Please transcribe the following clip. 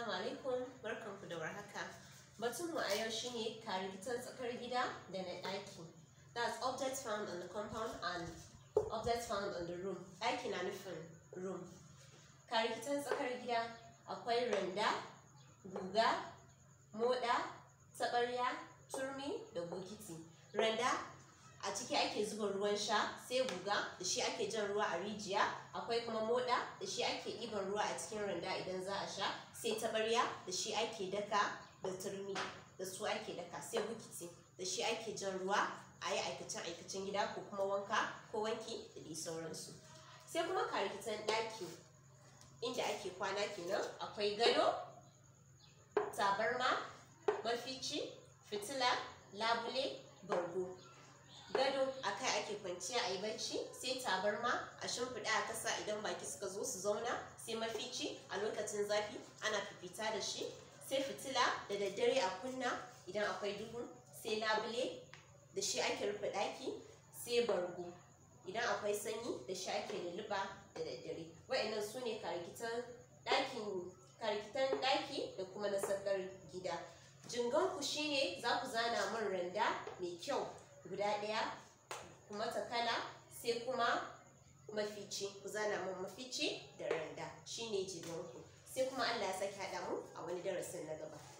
Assalamu alaikum barkanku da warhaka. Batunmu a yau shine karikitar tsakar gida da na ɗaki. That's objects found on the compound and objects found on the room. Ɗaki na nufin room. Karikitar tsakar gida akwai randa, guga, moɗa, taɓarya, turmi da bokiti. Randa a ciki ake zuba ruwan sha sai guga da shi ake jan ruwa a rijiya akwai kuma moda da shi ake ɗiban ruwa a cikin randa idan za a sha sai tabarya da shi ake daka da turmi da su ake daka sai bukiti da shi ake jan ruwa a yi aikacen aikacen gida ko kuma wanka ko wanki da dai sauransu sai kuma karkitan ɗaki inda ake kwana kenan akwai gado tabarma shi sai tabarma a shimfiɗa a ƙasa idan baki suka zo su zauna sai mafici a lokacin zafi ana fifita da shi sai fitila da daddare a kunna idan akwai duhu sai labule da shi ake rufe ɗaki sai bargo idan akwai sanyi da shi ake lulluba da daddare wa'annan su ne karikitan ɗaki da kuma na gida jingan ku shine za ku zana min randa mai kyau guda ɗaya kuma ta kala sai kuma mafici ku zana mun mafici da randa shine jibinku sai kuma Allah ya saki haɗa mu a wani darasin na gaba